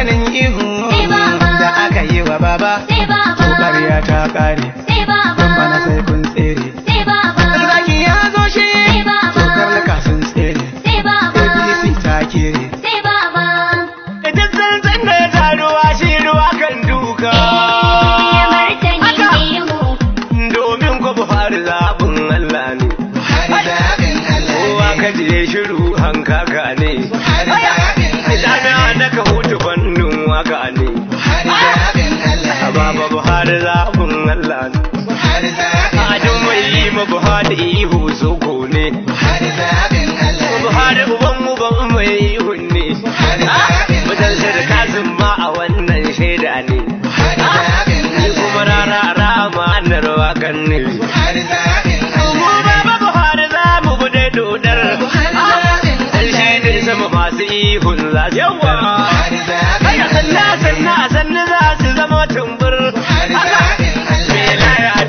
ganin ihu eh, da aka yi wa baba tokar eh, ya ta kare don eh, bana sai kun tsere zaki ya zo shi tokar laka sun tsere abc ta kere idan da ya kan duka domin ihun zazuka kada sanna sanna sanna za su zama tumbur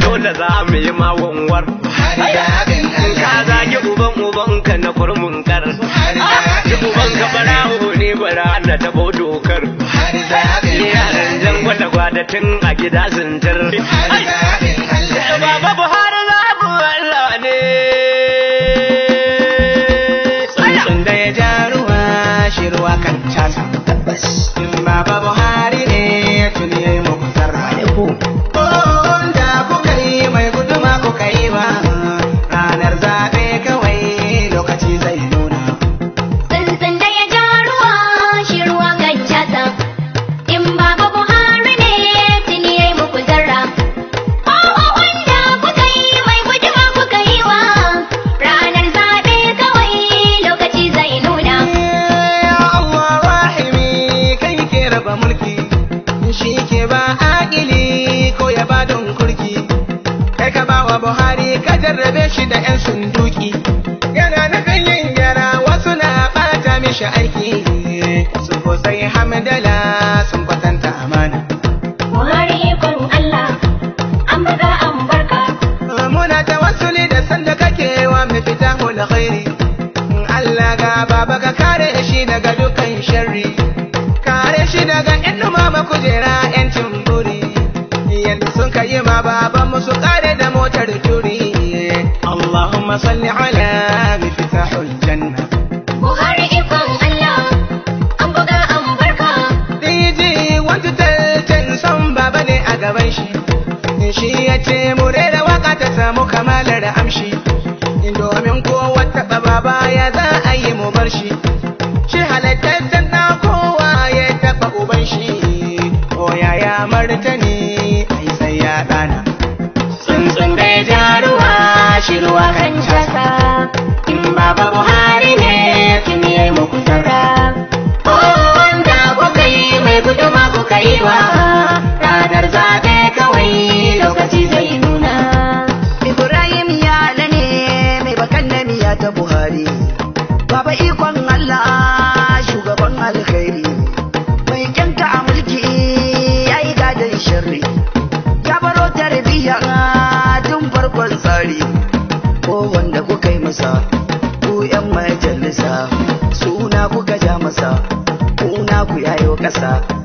dole za mu yi mawanwar ka zagi uban ka na kurmun kar uban ka barawo ne bara na tabo dokar yaran jan gwada gwada tun a gida Ai, bubble high. hamdala sun kwatanta amana Buhari ikon Allah an buga an barka muna tawassuli da sanda kake wa mafita fita hula khairi Allah ga baba ka kare shi daga dukkan sharri kare shi daga yan mama kujera 'yancin buri. yadda sun yi ma baban musu kare da motar turi Allahumma salli ala mifitahul janna gaban shi shi ya ce mu rera waka ta samu kamalar amshi domin ko wata baba baya za a yi mu bar shi shi halattar na kowa ya taba uban shi ko yaya martani ai sai ya dana tsuntsun da ya jaruwa shi ruwa kan jasa in baba 了。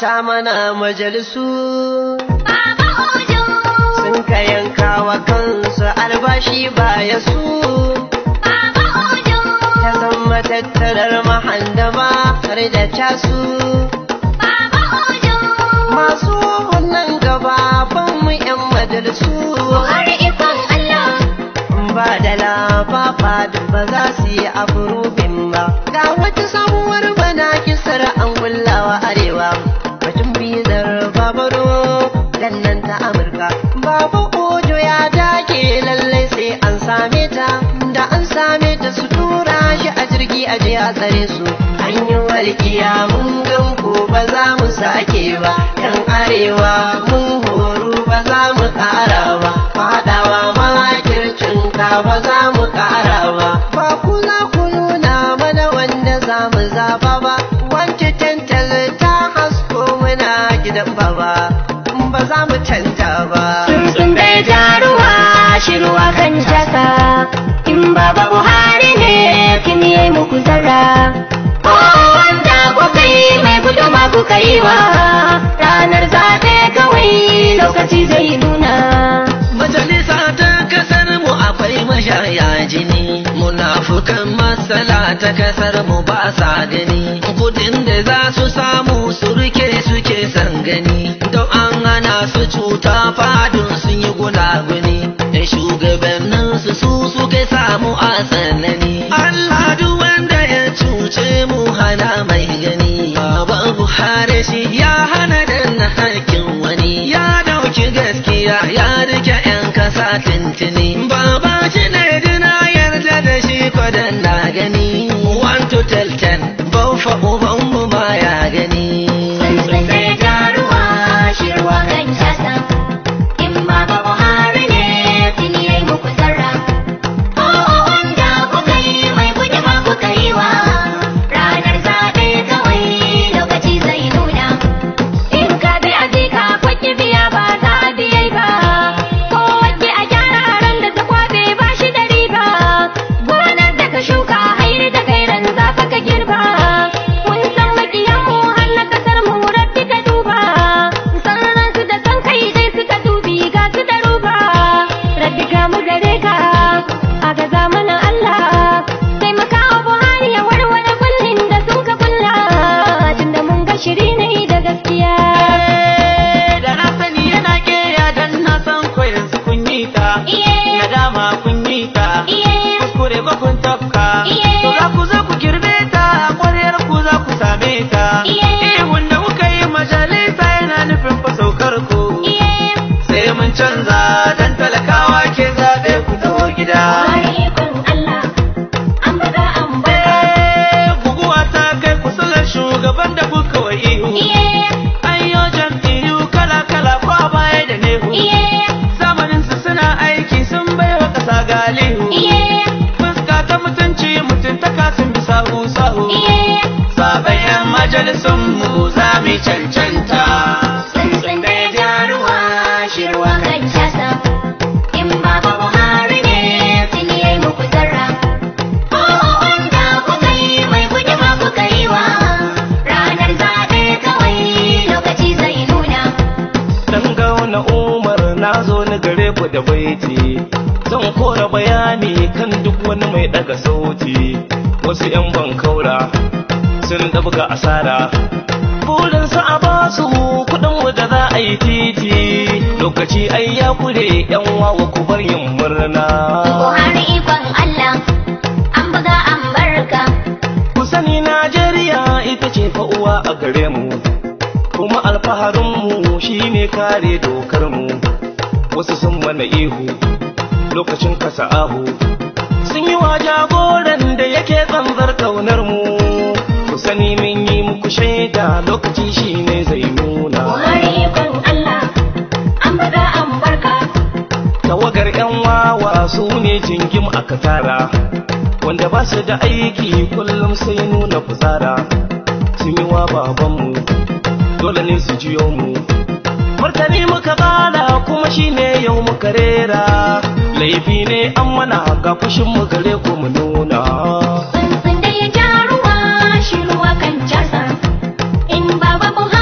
ta mana majalisu. Baba Ojo. Sun ka yanka wa kansu albashi ba ya su. Baba Ta san matattarar mahandama har da casu Baba Masu wannan gaba ban mu 'yan majalisu. Har ikon Allah. Ba da laba ba za su yi abu rubin ba. ce da su tura shi a jirgi a je a tsare su an yi walƙiya mun gan ko ba za mu sake ba yan arewa mun horu ba za mu ƙara ba faɗawa makircin ka ba za mu ƙara ba ba ku za ku nuna mana wanda za mu zaba ba wance tantal ta hasko muna gidan ba ba za mu canta ba sun sun bai jaruwa shi kan jaka in baba buhari ne kin yi muku zara ko wanda ku kai mai guduma kuka kai wa ranar zaɓe kawai lokaci zai nuna majalisa ta kasar mu akwai mashaya jini munafukan masala ta kasar mu ba sa gani kudin da za su samu su rike suke son gani don an hana su cuta fadin sun yi gunaguni da shugabannin su su suke samu a tsanani Allah duk wanda ya cuce mu hana mai gani baban Buhari shi ya hana danna hakkin wani ya dauki gaskiya ya rike 'yan kasa tintin ku da baiti zan kora bayani kan duk wani mai daga sauti wasu 'yan bankaura sun dabga asara su a basu kudin da za a yi titi lokaci ai ya kure yan wawa ku bar yin murna buhari ikon allah an buga an barka ku sani najeriya ita ce fa uwa a gare mu kuma alfaharinmu ne kare dokar mu wasu sun mana ihu lokacin kasa ahu sun yi wa jagoran da yake tsanzar kaunar mu ku sani min yi muku shaida lokaci shi ne zai nuna tawagar yan wawa su ne jingim aka tara wanda ba su da aiki kullum sai nuna kuzara sun yi wa babanmu dole ne su jiyo mu martani muka bada kuma shine yau muka rera laifi ne an mana ga fushin mu gare ku mu nuna tsuntsun da ya ja shi ruwa kan casa in baba buhari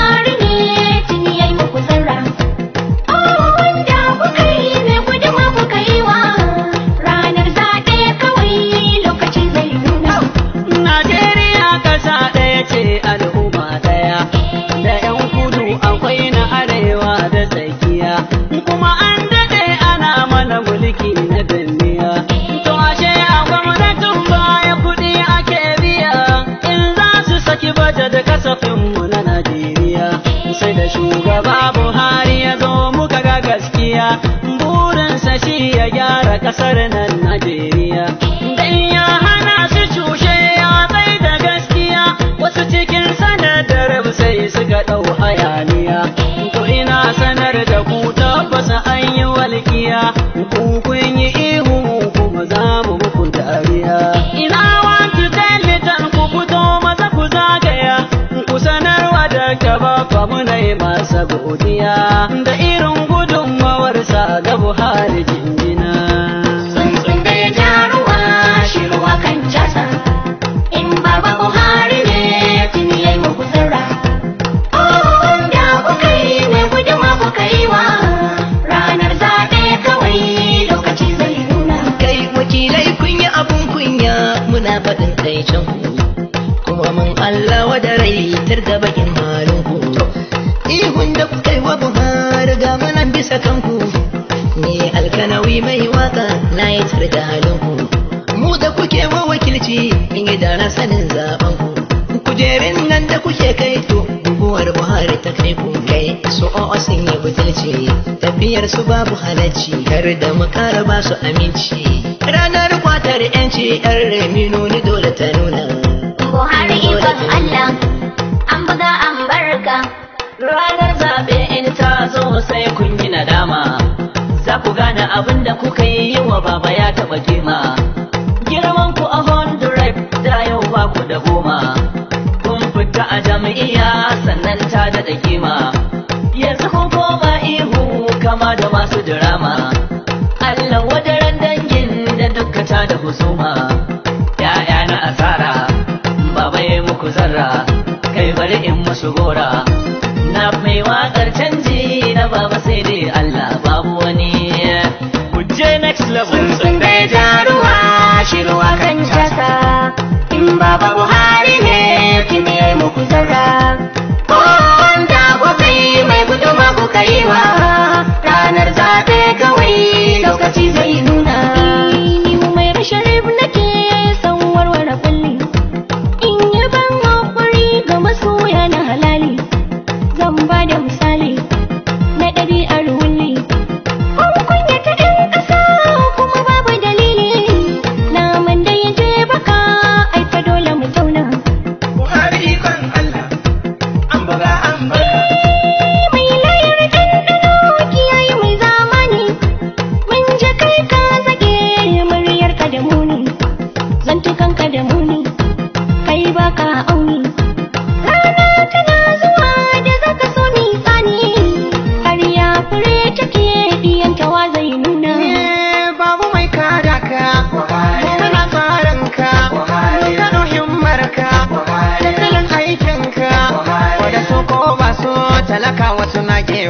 ka kanku ni alkanawi mai waka na yi tar da halinku mu da kuke wa wakilci in yi da sanin zabanku. ku kujerin nan da kuke kai to guguwar buhari ta kai ku kai su o'o sun yi butulci tafiyar su babu halacci Har da makara ba su aminci ranar kwatar yanci yan remi nuni dole ta nuna buhari ikon allah an buga an barka Ranar zaɓe in ta zo sai kun yi nadama, za ku gane abin da kuka yi wa baba ya taɓa gima. Girman ku a Honduras da yau ba ku da goma, kun fita a jami'a sannan ta daɗa kima. Yanzu kun koma ihu kama da masu dirama, Allah wadaran dangin da ta da husuma. ‘Ya'ya na asara, baba ya yi muku zarra, kai bari in musu gora. mai wakar canji na baba sai dai Allah babu wani kuje next level sun dai jaruwa kan jaka in baba Buhari ne yi muku zara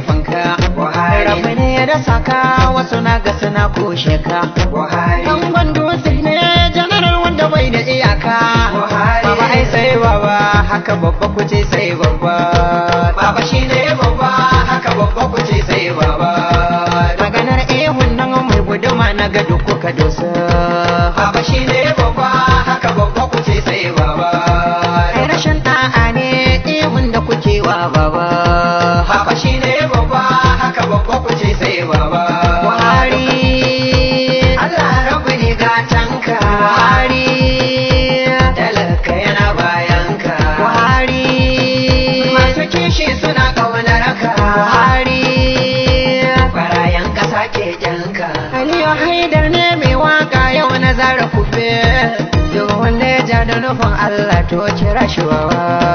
fanka Buhari Rabu ne ya dasa ka wasu na ga suna kushe ka Buhari Kan gwando ne janaral wanda bai da iyaka Buhari Baba ai sai baba haka babba kuce sai babba Baba shi ne babba haka babba kuce sai babba Maganar ihun nan mai guduma na gado kuka dosa Baba shi ne babba haka babba kuce sai babba Ai rashin da'a ne ihun da kuke wa baba nufin Allah to kira shi wawa.